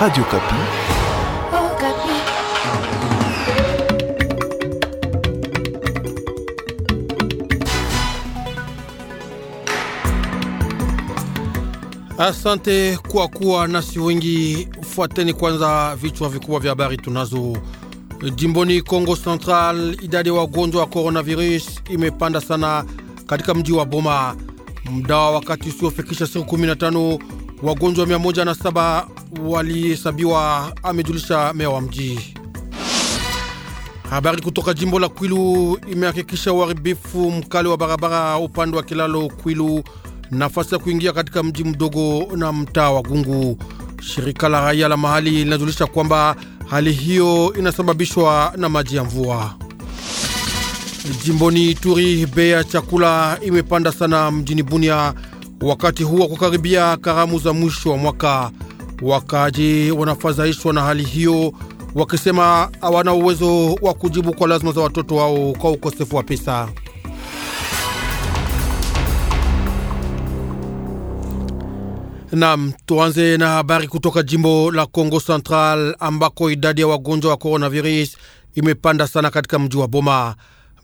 Radio Kapi. Oh, Kapi. Asante kwa kuwa nasi wengi. Fuateni kwanza vichwa vikubwa vya habari tunazo. Jimboni Kongo Central, idadi ya wagonjwa wa coronavirus imepanda sana katika mji wa Boma. Mdawa wakati usiofikisha siku 15 wagonjwa 107 walihesabiwa, amejulisha meya wa mji. Habari kutoka jimbo la Kwilu imehakikisha uharibifu mkali wa barabara upande wa kilalo Kwilu, nafasi ya kuingia katika mji mdogo na mtaa wa Gungu. Shirika la raia la mahali linajulisha kwamba hali hiyo inasababishwa na maji ya mvua. Jimboni Ituri, bei ya chakula imepanda sana mjini Bunia wakati huu wa kukaribia karamu za mwisho wa mwaka. Wakaaji wanafadhaishwa na hali hiyo, wakisema hawana uwezo wa kujibu kwa lazima za watoto wao kwa ukosefu wa pesa. Nam, tuanze na habari kutoka jimbo la congo Central ambako idadi ya wagonjwa wa coronavirus imepanda sana katika mji wa Boma.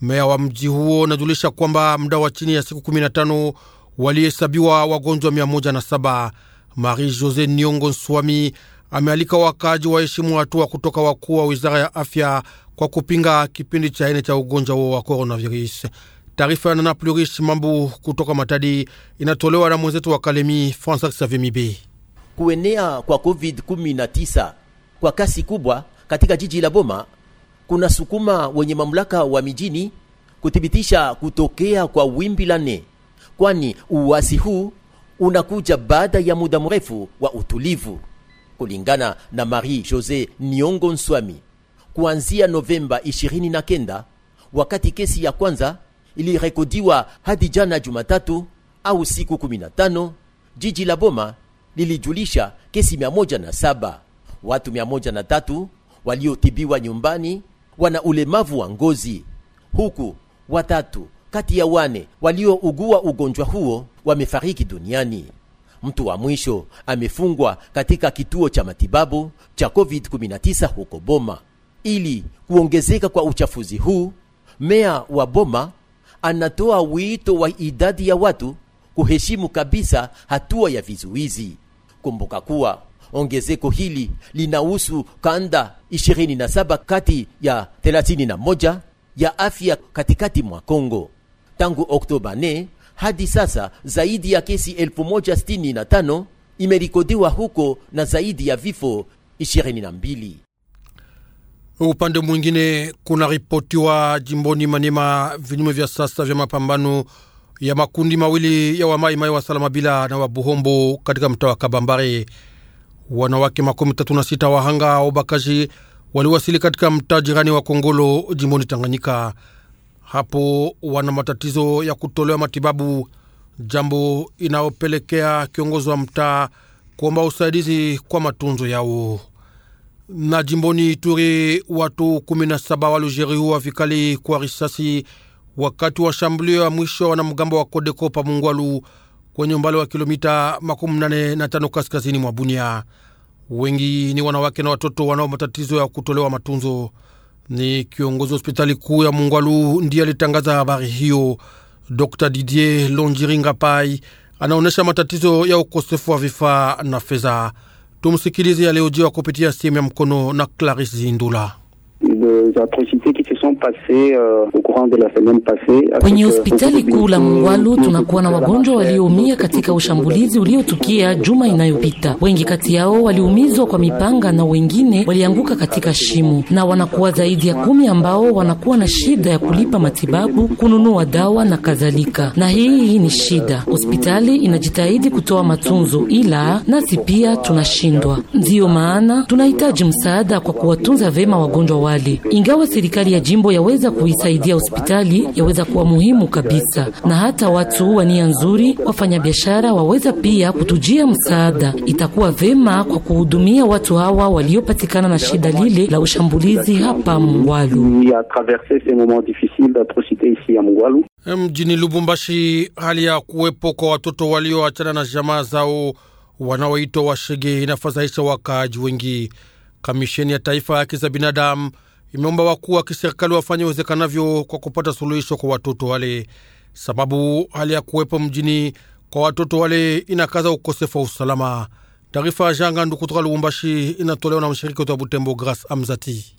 Meya wa mji huo unajulisha kwamba muda wa chini ya siku 15 walihesabiwa wagonjwa 107. Marie-Jose Nyongo Nswami amealika wakaaji waheshimu hatua kutoka wakuu wa wizara ya afya kwa kupinga kipindi cha ine cha ugonjwa huo wa coronavirus. Taarifa ya Nana Plurish Mambu kutoka Matadi inatolewa na mwenzetu wa Kalemi, Francis Savimibi. Kuenea kwa COVID-19 kwa kasi kubwa katika jiji la Boma kuna sukuma wenye mamlaka wa mijini kuthibitisha kutokea kwa wimbi la nne, kwani uwasi huu unakuja baada ya muda mrefu wa utulivu. Kulingana na Marie Jose Niongo Nswami, kuanzia Novemba 29 wakati kesi ya kwanza ilirekodiwa hadi jana Jumatatu au siku 15, jiji la Boma lilijulisha kesi 107. Watu 103 waliotibiwa nyumbani wana ulemavu wa ngozi, huku watatu kati ya wane waliougua ugonjwa huo wamefariki duniani. Mtu wa mwisho amefungwa katika kituo cha matibabu cha COVID-19 huko Boma. Ili kuongezeka kwa uchafuzi huu, meya wa Boma anatoa wito wa idadi ya watu kuheshimu kabisa hatua ya vizuizi. Kumbuka kuwa ongezeko hili linahusu kanda 27 kati ya 31 ya afya katikati mwa Kongo tangu Oktoba ne hadi sasa zaidi ya kesi elfu moja sitini na tano imerikodiwa huko na zaidi ya vifo ishirini na mbili. Upande mwingine kuna ripotiwa jimboni Manema vinyume vya sasa vya mapambano ya makundi mawili ya wamaimai wa bila na wa buhombo katika mtaa wa Kabambare. Wanawake makumi tatu na sita wahanga wa ubakaji waliwasili katika mtaa jirani wa Kongolo jimboni Tanganyika hapo wana matatizo ya kutolewa matibabu, jambo inayopelekea kiongozi wa mtaa kuomba usaidizi kwa matunzo yao. Na jimboni Ituri, watu 17 waliojeruhiwa vikali kwa risasi wakati wa shambulio ya mwisho mgambo wa Kodeko pa Mungwalu kwenye umbali wa kilomita makumi nane na tano kaskazini mwa Bunia. Wengi ni wanawake na watoto wanao matatizo ya kutolewa matunzo. Ni kiongozi wa hospitali kuu ya Mungwalu ndiye alitangaza habari hiyo. Dr Didier Longiringa Pai anaonyesha matatizo ya ukosefu wa vifaa na fedha. Tumsikilize aliyojiwa kupitia simu ya mkono na Clarisse Zindula des atrocités qui se sont passées euh, au courant de la semaine passée. Kwenye hospitali kuu la mungwalu tunakuwa na wagonjwa walioumia katika ushambulizi uliotukia juma inayopita. Wengi kati yao waliumizwa kwa mipanga na wengine walianguka katika shimo, na wanakuwa zaidi ya kumi ambao wanakuwa na shida ya kulipa matibabu, kununua dawa na kadhalika, na hii hii ni shida. Hospitali inajitahidi kutoa matunzo, ila nasi pia tunashindwa. Ndiyo maana tunahitaji msaada kwa kuwatunza vema wagonjwa wale. Ingawa serikali ya jimbo yaweza kuisaidia hospitali, yaweza kuwa muhimu kabisa, na hata watu wa nia nzuri, wafanyabiashara waweza pia kutujia msaada. Itakuwa vema kwa kuhudumia watu hawa waliopatikana na shida lile la ushambulizi hapa Mgwalu. Eh, mjini Lubumbashi, hali ya kuwepo kwa watoto walioachana na jamaa zao wanaoitwa washege inafadhaisha wakaaji wengi. Kamisheni ya Taifa ya Haki za Binadamu imeomba wakuu wa kiserikali wafanye uwezekanavyo kwa kupata suluhisho kwa watoto wale, sababu hali ya kuwepo mjini kwa watoto wale inakaza ukosefu wa usalama. Taarifa ya janga ndu kutoka Lubumbashi inatolewa na mshiriki wetu wa Butembo, Gras Amzati.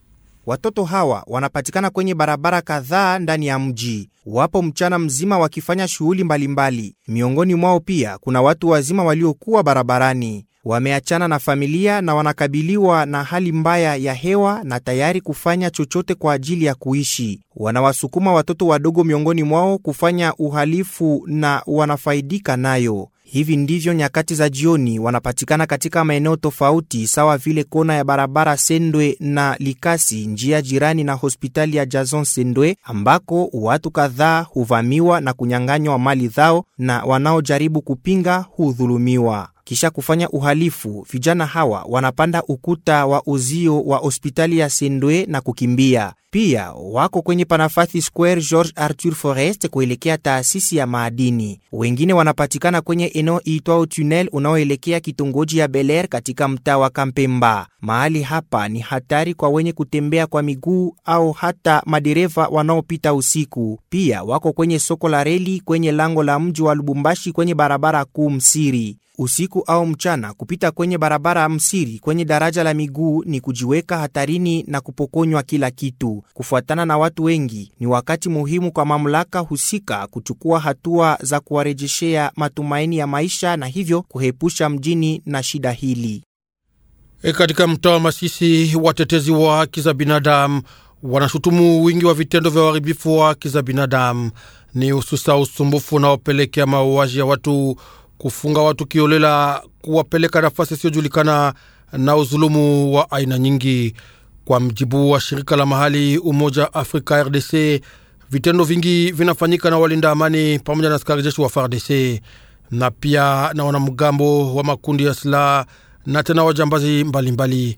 Watoto hawa wanapatikana kwenye barabara kadhaa ndani ya mji, wapo mchana mzima wakifanya shughuli mbalimbali. Miongoni mwao pia kuna watu wazima waliokuwa barabarani wameachana na familia na wanakabiliwa na hali mbaya ya hewa na tayari kufanya chochote kwa ajili ya kuishi. Wanawasukuma watoto wadogo miongoni mwao kufanya uhalifu na wanafaidika nayo. Hivi ndivyo nyakati za jioni wanapatikana katika maeneo tofauti, sawa vile kona ya barabara Sendwe na Likasi, njia jirani na hospitali ya Jason Sendwe, ambako watu kadhaa huvamiwa na kunyang'anywa mali zao na wanaojaribu kupinga hudhulumiwa kisha kufanya uhalifu, vijana hawa wanapanda ukuta wa uzio wa hospitali ya Sendwe na kukimbia. Pia wako kwenye Panafathi Square George Arthur Forest kuelekea taasisi ya maadini. Wengine wanapatikana kwenye eneo iitwao tunnel unaoelekea kitongoji ya Beler katika mtaa wa Kampemba. Mahali hapa ni hatari kwa wenye kutembea kwa miguu au hata madereva wanaopita usiku. Pia wako kwenye soko la reli kwenye lango la mji wa Lubumbashi kwenye barabara kuu Msiri usiku au mchana, kupita kwenye barabara ya msiri kwenye daraja la miguu ni kujiweka hatarini na kupokonywa kila kitu. Kufuatana na watu wengi, ni wakati muhimu kwa mamlaka husika kuchukua hatua za kuwarejeshea matumaini ya maisha na hivyo kuhepusha mjini na shida hili. E, katika mtaa wa Masisi watetezi wa haki za binadamu wanashutumu wingi wa vitendo vya uharibifu wa haki za binadamu, ni hususa usumbufu unaopelekea mauaji ya watu kufunga watu kiolela, kuwapeleka nafasi isiyojulikana na uzulumu wa aina nyingi. Kwa mjibu wa shirika la mahali Umoja Afrika RDC, vitendo vingi vinafanyika na walinda amani pamoja na askari jeshi wa FARDC na pia na wanamgambo wa makundi ya silaha na tena wajambazi mbalimbali.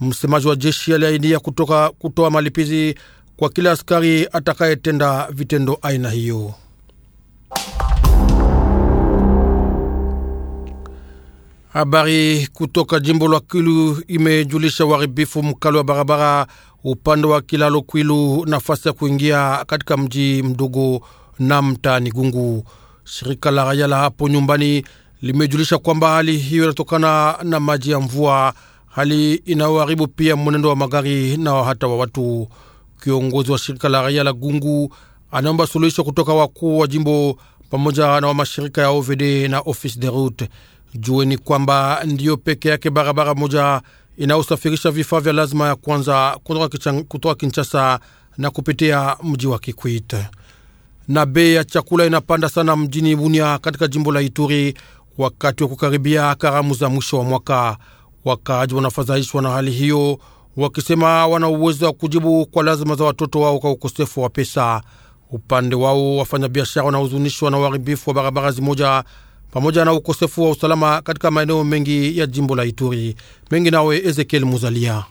Msemaji wa jeshi aliahidia kutoka kutoa malipizi kwa kila askari atakayetenda vitendo aina hiyo. Habari kutoka jimbo la Kwilu imejulisha uharibifu mkali wa barabara upande wa kilalo Kwilu, nafasi ya kuingia katika mji mdogo na mtaani Gungu. Shirika la raia la hapo nyumbani limejulisha kwamba hali hiyo inatokana na maji ya mvua, hali inayoharibu pia mwenendo wa magari na hata wa watu. Kiongozi wa shirika la raia la Gungu anaomba suluhisho kutoka wakuu wa jimbo pamoja na wa mashirika ya OVD na Office de Route. Jueni kwamba ndiyo peke yake barabara moja inayosafirisha vifaa vya lazima ya kwanza kutoka Kinshasa na kupitia mji wa Kikwit. Na bei ya chakula inapanda sana mjini Bunia katika jimbo la Ituri wakati wa kukaribia karamu za mwisho wa mwaka. Wakaaji wanafadhaishwa na hali hiyo, wakisema wana uwezo wa kujibu kwa lazima za watoto wao kwa ukosefu wa pesa. Upande wao wafanyabiashara wanahuzunishwa na uharibifu wa barabara zimoja pamoja na ukosefu wa usalama katika maeneo mengi ya jimbo la Ituri. Mengi nawe Ezekiel Muzalia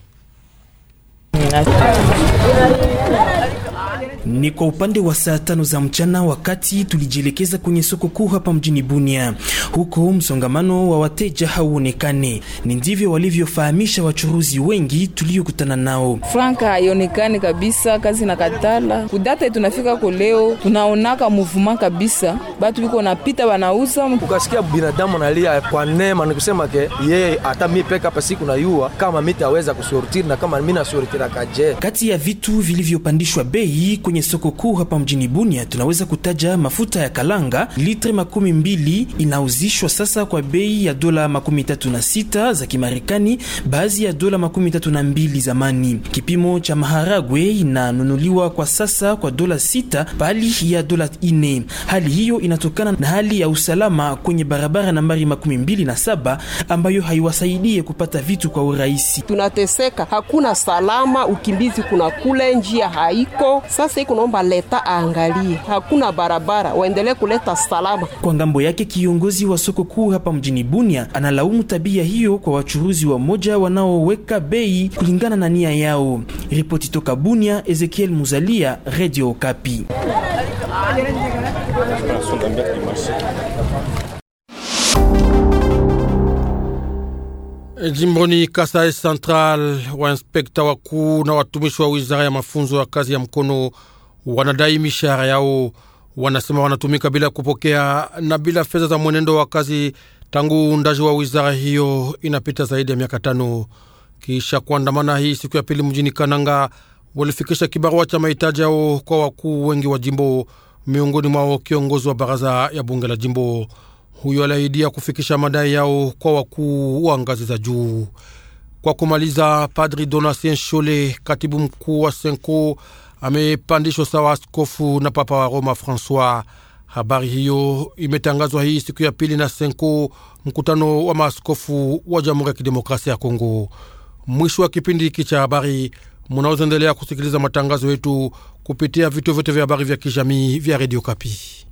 ni kwa upande wa saa tano za mchana, wakati tulijielekeza kwenye soko kuu hapa mjini Bunia. Huko msongamano wa wateja hauonekani, ni ndivyo walivyofahamisha wachuruzi wengi tuliokutana nao. Franka haionekani kabisa, kazi na katala kudata tunafika ko leo tunaonaka muvuma kabisa, batu biko napita wanauza, ukasikia binadamu analia kwa nema, nikusema ke yeye hata mi peka hapa siku nayua kama mitaweza kusortir na kama mi kaje, Kati ya vitu vilivyopandishwa bei kwenye kwenye soko kuu hapa mjini Bunia tunaweza kutaja mafuta ya kalanga litre makumi mbili inauzishwa sasa kwa bei ya dola makumi tatu na sita za Kimarekani, baadhi ya dola makumi tatu na mbili zamani. Kipimo cha maharagwe inanunuliwa kwa sasa kwa dola sita pahali ya dola ine. Hali hiyo inatokana na hali ya usalama kwenye barabara nambari makumi mbili na saba ambayo haiwasaidie kupata vitu kwa urahisi. Tunateseka, hakuna salama, ukimbizi kuna kule, njia haiko sasa niko naomba leta aangalie, hakuna barabara, waendelee kuleta salama. Kwa ngambo yake, kiongozi wa soko kuu hapa mjini Bunia analaumu tabia hiyo kwa wachuruzi wa moja wanaoweka bei kulingana na nia yao. Ripoti toka Bunia, Ezekiel Muzalia, Radio Okapi. Jimboni Kasai Central, wainspekta wakuu na watumishi wa wizara ya mafunzo ya kazi ya mkono wanadai mishahara yao. Wanasema wanatumika bila kupokea na bila fedha za mwenendo wa kazi tangu undaji wa wizara hiyo inapita zaidi ya miaka tano. Kisha kuandamana hii siku ya pili mjini Kananga, walifikisha kibarua cha mahitaji yao kwa wakuu wengi wa jimbo, miongoni mwao kiongozi wa baraza ya bunge la jimbo. Huyo aliahidia kufikisha madai yao kwa wakuu wa ngazi za juu. Kwa kumaliza, Padri Donatien Shole, katibu mkuu wa Senko, amepandishwa sawa askofu na papa wa Roma Francois. Habari hiyo imetangazwa hii siku ya pili na Senko, mkutano wa maaskofu wa Jamhuri ya Kidemokrasia ya Kongo. Mwisho wa kipindi hiki cha habari, munaoendelea kusikiliza matangazo yetu kupitia vituo vyote vya habari vya kijamii vya redio Kapi.